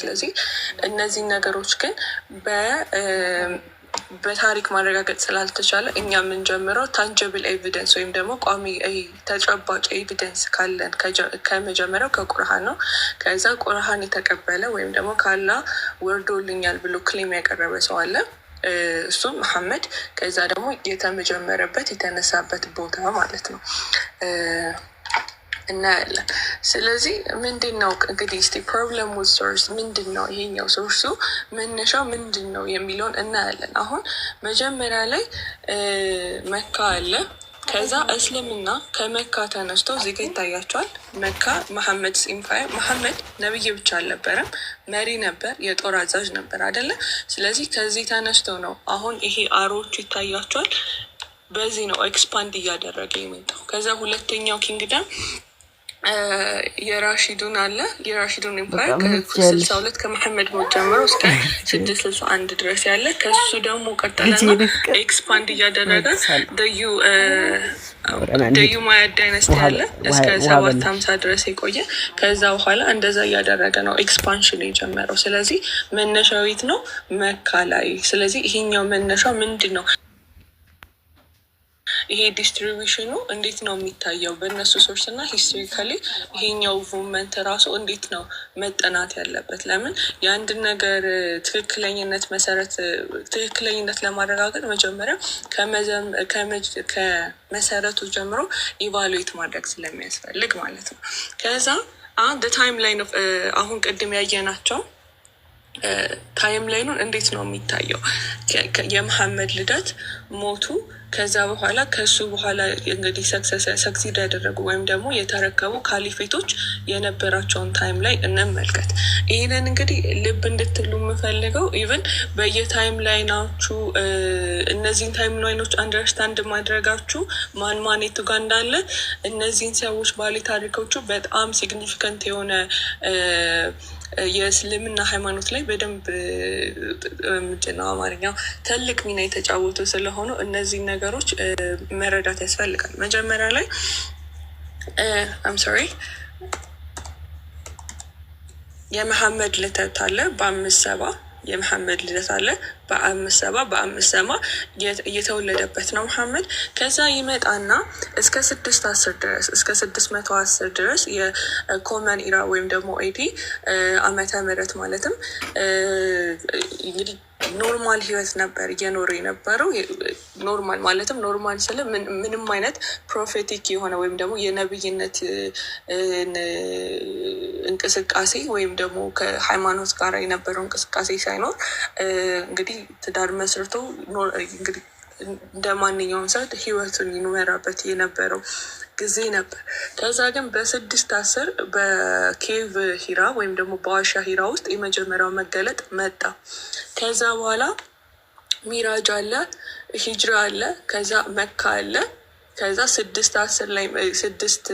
ስለዚህ እነዚህ ነገሮች ግን በታሪክ ማረጋገጥ ስላልተቻለ እኛ የምንጀምረው ታንጀብል ኤቪደንስ ወይም ደግሞ ቋሚ ተጨባጭ ኤቪደንስ ካለን ከመጀመሪያው ከቁርሃን ነው። ከዛ ቁርሃን የተቀበለ ወይም ደግሞ ካላ ወርዶልኛል ብሎ ክሌም ያቀረበ ሰው አለ። እሱም መሐመድ። ከዛ ደግሞ የተመጀመረበት የተነሳበት ቦታ ማለት ነው። እናያለን። ስለዚህ ምንድን ነው እንግዲህ ፕሮብለም ውድ ሶርስ ምንድን ነው፣ ይሄኛው ሶርሱ መነሻው ምንድን ነው የሚለውን እናያለን። አሁን መጀመሪያ ላይ መካ አለ። ከዛ እስልምና ከመካ ተነስቶ እዚህ ይታያቸዋል። መካ መሐመድ ሲምፋይ መሐመድ ነብይ ብቻ አልነበረም፣ መሪ ነበር፣ የጦር አዛዥ ነበር አይደለ? ስለዚህ ከዚህ ተነስቶ ነው አሁን ይሄ አሮዎቹ ይታያቸዋል። በዚህ ነው ኤክስፓንድ እያደረገ የመጣው። ከዛ ሁለተኛው ኪንግደም የራሺዱን አለ የራሺዱን ኢምፓየር ከስልሳ ሁለት ከመሐመድ ሞት ጀምሮ እስከ ስድስት ስልሳ አንድ ድረስ ያለ ከሱ ደግሞ ቀጠለና ኤክስፓንድ እያደረገ ደዩ ማያድ ዳይነስቲ አለ እስከ ሰባት ሀምሳ ድረስ የቆየ ከዛ በኋላ እንደዛ እያደረገ ነው ኤክስፓንሽን የጀመረው። ስለዚህ መነሻዊት ነው መካ ላይ። ስለዚህ ይሄኛው መነሻው ምንድን ነው? ይሄ ዲስትሪቢሽኑ እንዴት ነው የሚታየው በእነሱ ሶርስ እና ሂስትሪካሊ ይሄኛው ሙቭመንት ራሱ እንዴት ነው መጠናት ያለበት? ለምን የአንድ ነገር ትክክለኝነት መሰረት ትክክለኝነት ለማረጋገጥ መጀመሪያ ከመሰረቱ ጀምሮ ኢቫሉዌት ማድረግ ስለሚያስፈልግ ማለት ነው። ከዛ ታይም ላይ አሁን ቅድም ያየናቸው ታይም ላይኑን እንዴት ነው የሚታየው? የመሐመድ ልደት ሞቱ ከዛ በኋላ ከእሱ በኋላ እንግዲህ ሰክሲድ ያደረጉ ወይም ደግሞ የተረከቡ ካሊፌቶች የነበራቸውን ታይም ላይ እንመልከት። ይህንን እንግዲህ ልብ እንድትሉ የምፈልገው ኢቨን በየታይም ላይናችሁ እነዚህን ታይም ላይኖች አንደርስታንድ ማድረጋችሁ ማን ማን የቱ ጋር እንዳለ እነዚህን ሰዎች ባለ ታሪኮቹ በጣም ሲግኒፊካንት የሆነ የእስልምና ሃይማኖት ላይ በደንብ ምንድነው አማርኛ ትልቅ ሚና የተጫወቱ ስለሆኑ እነዚህ ነገሮች መረዳት ያስፈልጋል። መጀመሪያ ላይ አም ሶሪ የመሐመድ ልተት አለ በአምስት ሰባ የመሐመድ ልደት አለ በአምስት ሰባ በአምስት ሰማ እየተወለደበት ነው መሐመድ። ከዛ ይመጣና እስከ ስድስት አስር ድረስ እስከ ስድስት መቶ አስር ድረስ የኮመን ኢራ ወይም ደግሞ ኤዲ አመተ ምህረት ማለትም እንግዲህ ኖርማል ህይወት ነበር እየኖረ የነበረው ኖርማል ማለትም ኖርማል ስለ ምንም አይነት ፕሮፌቲክ የሆነ ወይም ደግሞ የነብይነት እንቅስቃሴ ወይም ደግሞ ከሃይማኖት ጋር የነበረው እንቅስቃሴ ሳይኖር እንግዲህ ትዳር መስርቶ እንግዲህ እንደ ማንኛውም ሰው ህይወቱን ይኖራበት የነበረው ጊዜ ነበር። ከዛ ግን በስድስት አስር በኬቭ ሂራ ወይም ደግሞ በዋሻ ሂራ ውስጥ የመጀመሪያው መገለጥ መጣ። ከዛ በኋላ ሚራጅ አለ ሂጅራ አለ፣ ከዛ መካ አለ። ከዛ ስድስት አስር ላይ ስድስት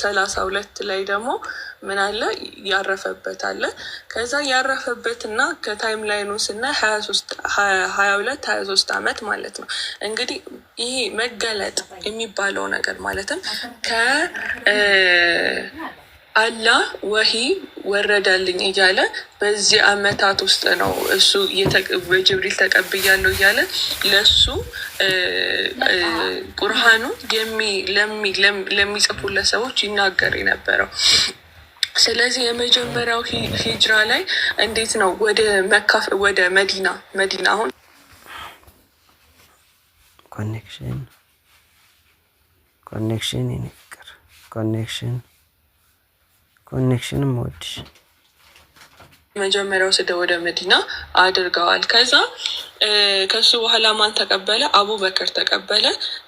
ሰላሳ ሁለት ላይ ደግሞ ምን አለ ያረፈበት አለ። ከዛ ያረፈበት እና ከታይም ላይኑ ስናይ ሀያ ሁለት ሀያ ሶስት አመት ማለት ነው። እንግዲህ ይሄ መገለጥ የሚባለው ነገር ማለትም ከ አላህ ወሂ ወረዳልኝ እያለ በዚህ አመታት ውስጥ ነው እሱ በጅብሪል ተቀብያለሁ እያለ ለሱ ቁርሃኑ ለሚጽፉለት ሰዎች ይናገር የነበረው። ስለዚህ የመጀመሪያው ሂጅራ ላይ እንዴት ነው ወደ መካ ወደ መዲና መዲና አሁን ኮኔክሽን ኮኔክሽን ይንቅር ኮኔክሽን ኮኔክሽንም ወድሽ መጀመሪያው ስደ ወደ መዲና አድርገዋል ከዛ ከሱ በኋላ ማን ተቀበለ? አቡበክር ተቀበለ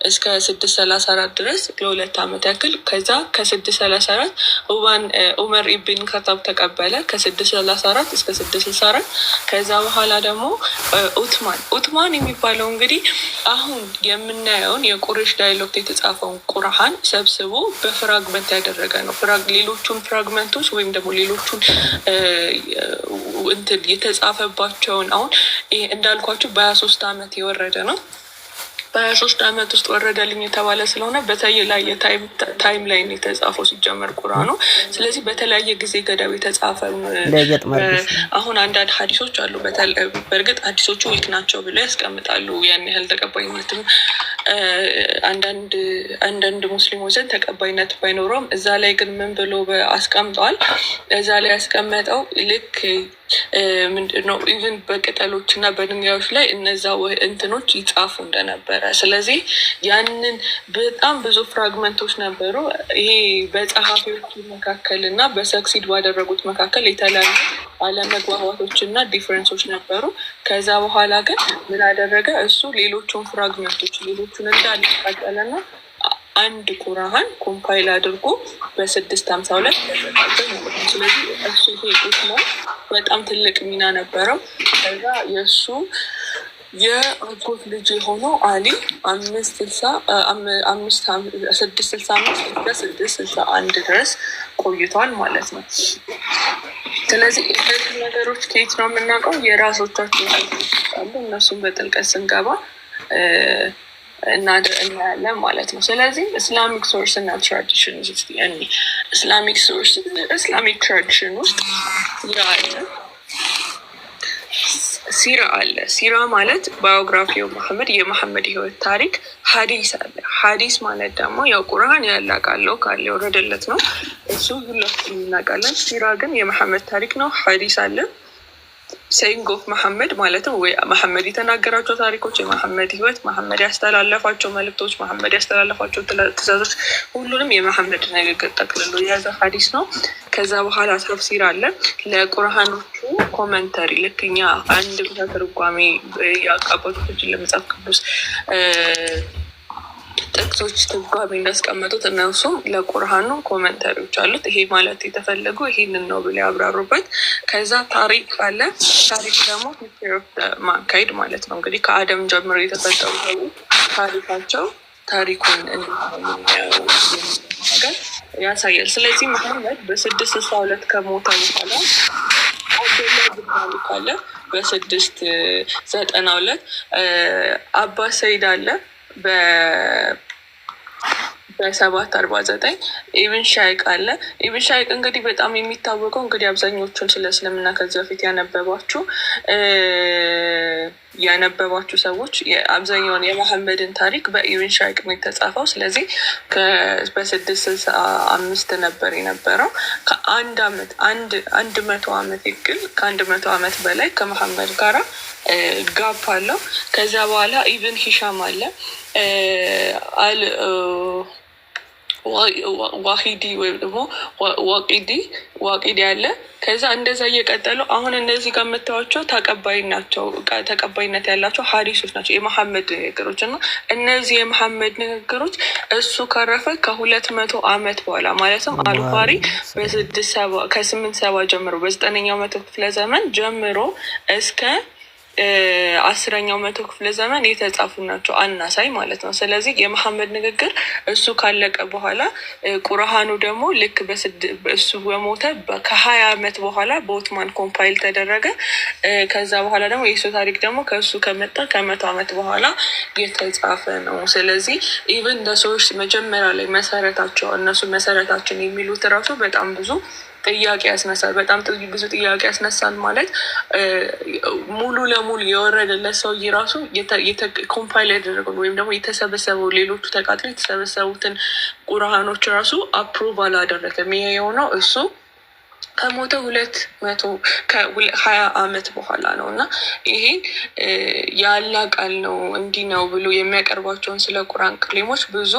እስከ ስድስት ሰላሳ አራት ድረስ ለሁለት ዓመት ያክል። ከዛ ከስድስት ሰላሳ አራት ኡመር ኢብን ከታብ ተቀበለ ከስድስት ሰላሳ አራት እስከ ስድስት ስልሳ አራት ከዛ በኋላ ደግሞ ኡትማን ኡትማን የሚባለው እንግዲህ አሁን የምናየውን የቁሬሽ ዳይሎክት የተጻፈውን ቁርሃን ሰብስቦ በፍራግመንት ያደረገ ነው። ሌሎቹን ፍራግመንቶች ወይም ደግሞ ሌሎቹን እንትን የተጻፈባቸውን አሁን ይሄ እንዳልኳቸው በሀያ ሶስት አመት የወረደ ነው። በሀያ ሶስት አመት ውስጥ ወረደልኝ የተባለ ስለሆነ በተለያየ ታይም ላይ የተጻፈው ሲጀመር ቁርአኑ። ስለዚህ በተለያየ ጊዜ ገደብ የተጻፈ አሁን አንዳንድ ሀዲሶች አሉ። በእርግጥ ሀዲሶቹ ዊክ ናቸው ብለው ያስቀምጣሉ። ያን ያህል ተቀባይነትም አንዳንድ ሙስሊሞች ዘንድ ተቀባይነት ባይኖረውም እዛ ላይ ግን ምን ብሎ አስቀምጠዋል። እዛ ላይ ያስቀመጠው ልክ ምንድነው ኢቨን በቅጠሎች እና በድንጋዮች ላይ እነዛ እንትኖች ይጻፉ እንደነበረ። ስለዚህ ያንን በጣም ብዙ ፍራግመንቶች ነበሩ። ይሄ በጸሐፊዎች መካከል እና በሰክሲድ ባደረጉት መካከል የተለያዩ አለመግባባቶች እና ዲፍረንሶች ነበሩ። ከዛ በኋላ ግን ምን አደረገ? እሱ ሌሎቹን ፍራግመንቶች ሌሎቹን እንዳለ አንድ ቁርአን ኮምፓይል አድርጎ በስድስት ሀምሳ ሁለት ያዘጋጀው ስለዚህ እሱ ሄቁት ነው በጣም ትልቅ ሚና ነበረው። ከዛ የእሱ የአጎት ልጅ የሆነው አሊ አምስት ስድስት ስልሳ አምስት እስከ ስድስት ስልሳ አንድ ድረስ ቆይቷል ማለት ነው። ስለዚህ እነዚህ ነገሮች ከየት ነው የምናውቀው? የራሶቻችን አሉ። እነሱን በጥልቀት ስንገባ እናያለን ማለት ነው። ስለዚህ እስላሚክ ሶርስ እና ትራዲሽን ውስጥ እስላሚክ ሶርስ እስላሚክ ትራዲሽን ውስጥ ያለ ሲራ አለ። ሲራ ማለት ባዮግራፊ መሐመድ የመሐመድ ህይወት ታሪክ። ሀዲስ አለ። ሀዲስ ማለት ደግሞ ያው ቁርአን ያላቃለው ካለ የወረደለት ነው። እሱ ሁላችን እናውቃለን። ሲራ ግን የመሐመድ ታሪክ ነው። ሀዲስ አለ ሰይንግ ኦፍ መሐመድ ማለትም ወይ መሐመድ የተናገራቸው ታሪኮች፣ የመሐመድ ህይወት፣ መሐመድ ያስተላለፋቸው መልእክቶች፣ መሐመድ ያስተላለፋቸው ትእዛዞች፣ ሁሉንም የመሐመድ ንግግር ጠቅልሎ የያዘ ሀዲስ ነው። ከዛ በኋላ ተፍሲር አለ። ለቁርሃኖቹ ኮመንተሪ ልክ እኛ አንድ ብቻ ተርጓሜ የአቃባቶችን ለመጽሐፍ ቅዱስ ጥቅሶች ትርጓሜ እንዳስቀመጡት እነሱም ለቁርሃኑ ኮመንተሪዎች አሉት። ይሄ ማለት የተፈለጉ ይሄንን ነው ብሎ ያብራሩበት። ከዛ ታሪክ አለ። ታሪክ ደግሞ ማካሄድ ማለት ነው። እንግዲህ ከአደም ጀምሮ የተፈጠሩ ሰዎች ታሪካቸው ታሪኩን ነገር ያሳያል። ስለዚህ መሐመድ በስድስት ስልሳ ሁለት ከሞተ በኋላ አብዶላ ካለ በስድስት ዘጠና ሁለት አባ ሰይድ አለ በሰባት አርባ ዘጠኝ ኢብን ሻይቅ አለ። ኢብን ሻይቅ እንግዲህ በጣም የሚታወቀው እንግዲህ አብዛኞቹን ስለ እስልምና ከዚህ በፊት ያነበባችሁ ያነበባችሁ ሰዎች አብዛኛውን የመሐመድን ታሪክ በኢብን ሻይቅ ነው የተጻፈው። ስለዚህ በስድስት ስልሳ አምስት ነበር የነበረው ከአንድ አመት አንድ መቶ አመት ይግል ከአንድ መቶ አመት በላይ ከመሐመድ ጋራ ጋፕ አለው። ከዚያ በኋላ ኢብን ሂሻም አለ አል ዋሂዲ ወይም ደግሞ ዋቂዲ ዋቂዲ አለ። ከዛ እንደዛ እየቀጠሉ አሁን እነዚህ ጋር የምታዩቸው ተቀባይ ናቸው ተቀባይነት ያላቸው ሀዲሶች ናቸው የመሐመድ ንግግሮች እና እነዚህ የመሐመድ ንግግሮች እሱ ካረፈ ከሁለት መቶ አመት በኋላ ማለትም ሰባ ከስምንት ሰባ ጀምሮ በዘጠነኛው መቶ ክፍለ ዘመን ጀምሮ እስከ አስረኛው መቶ ክፍለ ዘመን የተጻፉ ናቸው አናሳይ ማለት ነው። ስለዚህ የመሐመድ ንግግር እሱ ካለቀ በኋላ ቁርሃኑ ደግሞ ልክ እሱ በሞተ ከሀያ ዓመት በኋላ በኦትማን ኮምፓይል ተደረገ። ከዛ በኋላ ደግሞ የሱ ታሪክ ደግሞ ከእሱ ከመጣ ከመቶ ዓመት በኋላ የተጻፈ ነው። ስለዚህ ኢቨን ለሰዎች መጀመሪያ ላይ መሰረታቸው እነሱ መሰረታችን የሚሉት ራሱ በጣም ብዙ ጥያቄ ያስነሳል። በጣም ብዙ ጥያቄ ያስነሳል ማለት ሙሉ ለሙሉ የወረደለት ሰውዬ ራሱ ኮምፓይል ያደረገው ወይም ደግሞ የተሰበሰበው ሌሎቹ ተቃጥሎ የተሰበሰቡትን ቁርሃኖች ራሱ አፕሩቭ አላደረገም። ይሄ የሆነው እሱ ከሞተ ሁለት መቶ ሀያ አመት በኋላ ነው እና ይሄን ያላ ቃል ነው እንዲህ ነው ብሎ የሚያቀርባቸውን ስለ ቁራን ክሌሞች ብዙ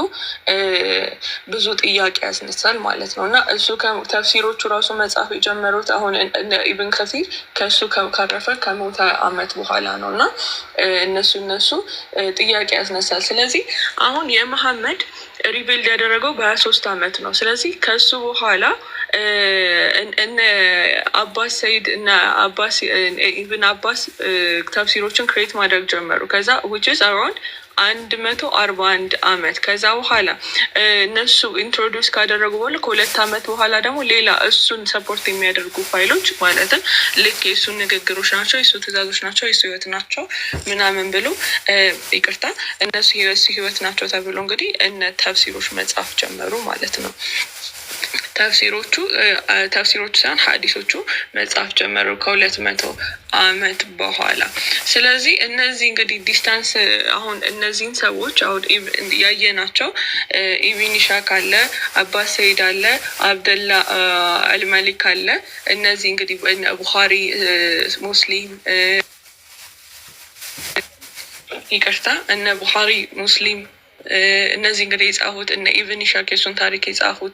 ብዙ ጥያቄ ያስነሳል ማለት ነው እና እሱ ተፍሲሮቹ ራሱ መጽሐፍ የጀመሩት አሁን ኢብን ከሲር ከእሱ ካረፈ ከሞተ አመት በኋላ ነው እና እነሱ እነሱ ጥያቄ ያስነሳል። ስለዚህ አሁን የመሐመድ ሪቤልድ ያደረገው በሀያ ሶስት አመት ነው። ስለዚህ ከእሱ በኋላ እነ አባስ ሰይድ እና አባስ ኢብን አባስ ተፍሲሮችን ክሬት ማድረግ ጀመሩ። ከዛ ውችስ አሮን አንድ መቶ አርባ አንድ አመት ከዛ በኋላ እነሱ ኢንትሮዲውስ ካደረጉ በኋላ ከሁለት አመት በኋላ ደግሞ ሌላ እሱን ሰፖርት የሚያደርጉ ፋይሎች ማለትም ልክ የእሱ ንግግሮች ናቸው፣ የእሱ ትእዛዞች ናቸው፣ የእሱ ህይወት ናቸው ምናምን ብሎ ይቅርታ፣ እነሱ የእሱ ህይወት ናቸው ተብሎ እንግዲህ እነ ተፍሲሮች መጽሐፍ ጀመሩ ማለት ነው። ተፍሲሮቹ ተፍሲሮቹ ሳይሆን ሀዲሶቹ መጽሐፍ ጀመሩ ከሁለት መቶ አመት በኋላ። ስለዚህ እነዚህ እንግዲህ ዲስታንስ አሁን እነዚህን ሰዎች አሁን ናቸው ኢብኒሻ ካለ አባስ ሰይድ አለ አብደላ አልመሊክ አለ። እነዚህ እንግዲህ ቡኻሪ ሙስሊም ይቅርታ እነ ቡኻሪ ሙስሊም እነዚህ እንግዲህ የጻፉት እነ ኢቨን ኢሻክ የሱን ታሪክ የጻፉት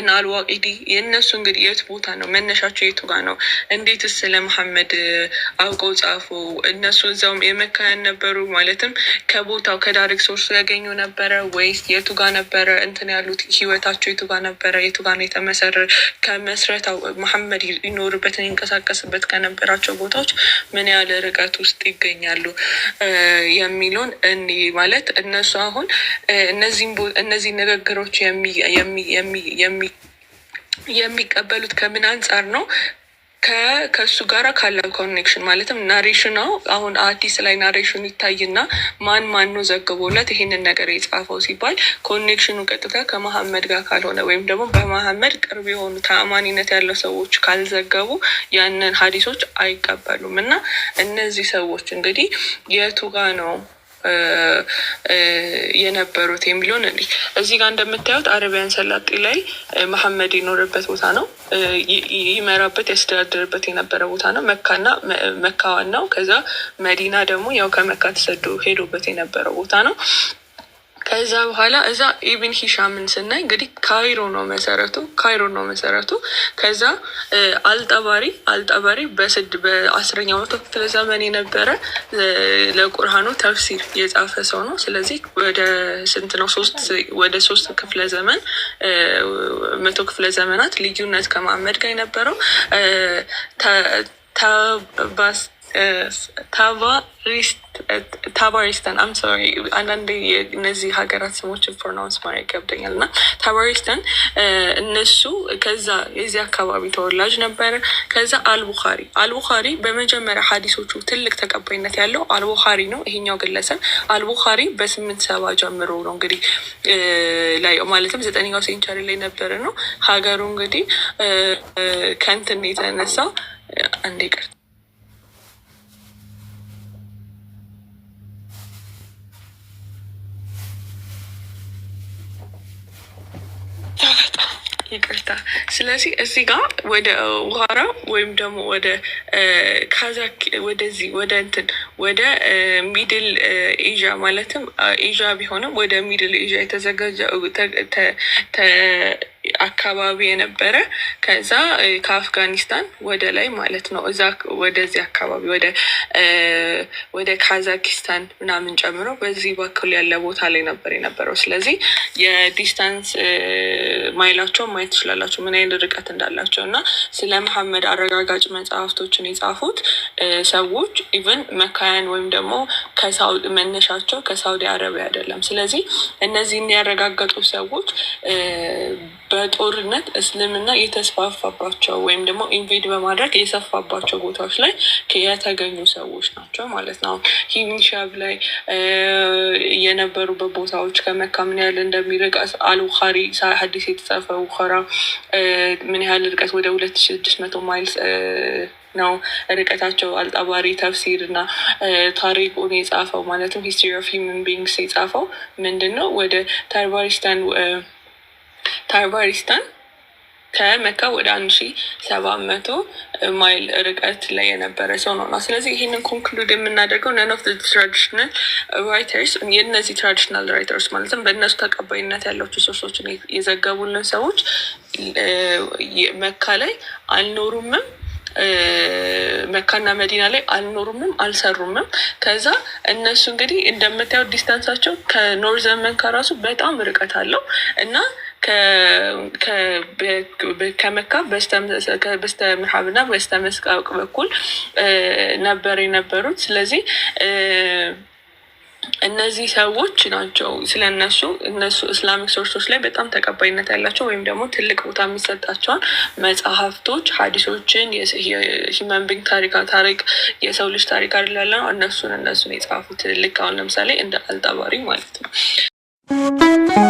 እነ አልዋቂዲ የእነሱ እንግዲህ የት ቦታ ነው መነሻቸው? የቱ ጋር ነው? እንዴትስ ስለ መሐመድ አውቀው ጻፉ? እነሱ እዛውም የመካያን ነበሩ ማለትም ከቦታው ከዳሪክ ሶርስ ያገኙ ነበረ ወይስ የቱ ጋር ነበረ እንትን ያሉት ህይወታቸው የቱ ጋር ነበረ? የቱ ጋር ነው የተመሰረ ከመስረታው መሐመድ ይኖርበትን ይንቀሳቀስበት ከነበራቸው ቦታዎች ምን ያህል ርቀት ውስጥ ይገኛሉ የሚለውን እኒ ማለት እነሱ አሁን እነዚህ ንግግሮች የሚቀበሉት ከምን አንጻር ነው? ከእሱ ጋር ካለው ኮኔክሽን ማለትም ናሬሽናው አሁን አዲስ ላይ ናሬሽኑ ይታይና ማን ማን ነው ዘግቦለት ይሄንን ነገር የጻፈው ሲባል ኮኔክሽኑ ቀጥታ ከመሐመድ ጋር ካልሆነ ወይም ደግሞ በመሐመድ ቅርብ የሆኑ ተአማኒነት ያለው ሰዎች ካልዘገቡ ያንን ሀዲሶች አይቀበሉም እና እነዚህ ሰዎች እንግዲህ የቱ ጋ ነው የነበሩት የሚለውን እ እዚህ ጋር እንደምታዩት አረቢያን ሰላጤ ላይ መሐመድ የኖረበት ቦታ ነው። ይመራበት ያስተዳደርበት የነበረ ቦታ ነው። መካና መካ ዋናው፣ ከዛ መዲና ደግሞ ያው ከመካ ተሰዶ ሄዶበት የነበረው ቦታ ነው። ከዛ በኋላ እዛ ኢብን ሂሻምን ስናይ እንግዲህ ካይሮ ነው መሰረቱ፣ ካይሮ ነው መሰረቱ። ከዛ አልጠባሪ አልጠባሪ በስድ በአስረኛው መቶ ክፍለ ዘመን የነበረ ለቁርሃኑ ተፍሲር የጻፈ ሰው ነው። ስለዚህ ወደ ስንት ነው ሶስት ወደ ሶስት ክፍለ ዘመን መቶ ክፍለ ዘመናት ልዩነት ከማመድ ጋር የነበረው ተባስ ታባሪስተን አም ሶሪ አንዳንድ እነዚህ ሀገራት ስሞችን ፕሮናውንስ ማድረግ ይገብደኛል እና ታባሪስተን እነሱ ከዛ የዚህ አካባቢ ተወላጅ ነበረ። ከዛ አልቡኻሪ አልቡኻሪ በመጀመሪያ ሀዲሶቹ ትልቅ ተቀባይነት ያለው አልቡኻሪ ነው። ይሄኛው ግለሰብ አልቡኻሪ በስምንት ሰባ ጀምሮ ነው እንግዲህ ላይ ማለትም ዘጠነኛው ሴንቸሪ ላይ ነበረ ነው ሀገሩ እንግዲህ ከንትን የተነሳ አንዴ ይቅርታ በጣም ይቅርታ። ስለዚህ እዚህ ጋር ወደ ውሃራ ወይም ደግሞ ወደ ካዛክ ወደዚህ ወደ እንትን ወደ ሚድል ኤዥያ ማለትም ኤዥያ ቢሆንም ወደ ሚድል ኤዥያ የተዘጋጀ አካባቢ የነበረ ከዛ ከአፍጋኒስታን ወደ ላይ ማለት ነው እዛ ወደዚህ አካባቢ ወደ ካዛኪስታን ምናምን ጨምሮ በዚህ በኩል ያለ ቦታ ላይ ነበር የነበረው። ስለዚህ የዲስታንስ ማይላቸውን ማየት ትችላላቸው ምን አይነት ርቀት እንዳላቸው እና ስለ መሐመድ አረጋጋጭ መጽሐፍቶችን የጻፉት ሰዎች ኢቨን መካያን ወይም ደግሞ መነሻቸው ከሳውዲ አረቢያ አይደለም። ስለዚህ እነዚህን ያረጋገጡ ሰዎች በጦርነት እስልምና የተስፋፋባቸው ወይም ደግሞ ኢንቬድ በማድረግ የሰፋባቸው ቦታዎች ላይ የተገኙ ሰዎች ናቸው ማለት ነው። ሂንሻብ ላይ የነበሩበት ቦታዎች ከመካ ምን ያህል እንደሚርቅ አልቡኻሪ ሀዲስ የተጻፈ ቡኸራ ምን ያህል ርቀት ወደ ሁለት ሺ ስድስት መቶ ማይልስ ነው ርቀታቸው። አልጣባሪ ተፍሲር እና ታሪኩን የጻፈው ማለትም ሂስትሪ ኦፍ ሂውመን ቢንግስ የጻፈው ምንድን ነው ወደ ተርባሪስታን ታርባሪስታን ከመካ ወደ አንድ ሺ ሰባት መቶ ማይል ርቀት ላይ የነበረ ሰው ነው። ስለዚህ ይህንን ኮንክሉድ የምናደርገው ነን ኦፍ ትራዲሽናል ራይተርስ የእነዚህ ትራዲሽናል ራይተርስ ማለትም በእነሱ ተቀባይነት ያላቸው ሶርሶችን የዘገቡልን ሰዎች መካ ላይ አልኖሩምም መካና መዲና ላይ አልኖሩምም አልሰሩምም። ከዛ እነሱ እንግዲህ እንደምታየው ዲስታንሳቸው ከኖር ዘመን ከራሱ በጣም ርቀት አለው እና ከመካ በስተ ምዕራብና በስተ ምስራቅ በኩል ነበር የነበሩት። ስለዚህ እነዚህ ሰዎች ናቸው። ስለ እነሱ እነሱ እስላሚክ ሶርሶች ላይ በጣም ተቀባይነት ያላቸው ወይም ደግሞ ትልቅ ቦታ የሚሰጣቸውን መጽሐፍቶች፣ ሀዲሶችን፣ ሂማን ቢንግ ታሪክ ታሪክ የሰው ልጅ ታሪክ አድላለ ነው እነሱን እነሱን የጻፉት ልክ አሁን ለምሳሌ እንደ አልጣባሪ ማለት ነው።